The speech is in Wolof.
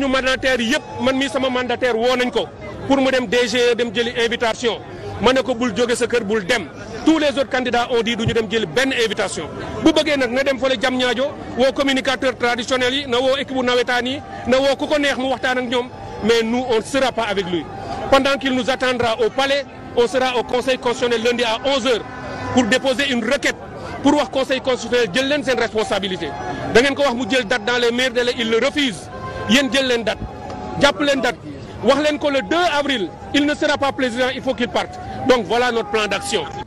suñu mandataire yëpp man mii sama mandataire woo nañ ko pour mu dem DGE dem jëli invitation ma ne ko bul jóge sa kër bul dem tous les autres candidats ont dit du ñu dem jëli benn invitation. bu bëggee nag na dem fële jam ñaajo woo communicateur traditionnel yi na woo équipe bu nawetaan yi na woo ku ko neex mu waxtaan ak ñoom mais nous on ne sera pas avec lui. pendant qu'il nous attendra au palais on sera au conseil constitutionnel lundi à 11h pour déposer une requête. pour wax conseil constitutionnel jël leen seen responsabilité da ngeen ko wax mu jël date dans les meilleurs délais il le refuse yéen jël leen date jàpp leen date wax leen ko le 2 avril il ne sera pas président il faut qu'il parte donc voilà notre plan d'action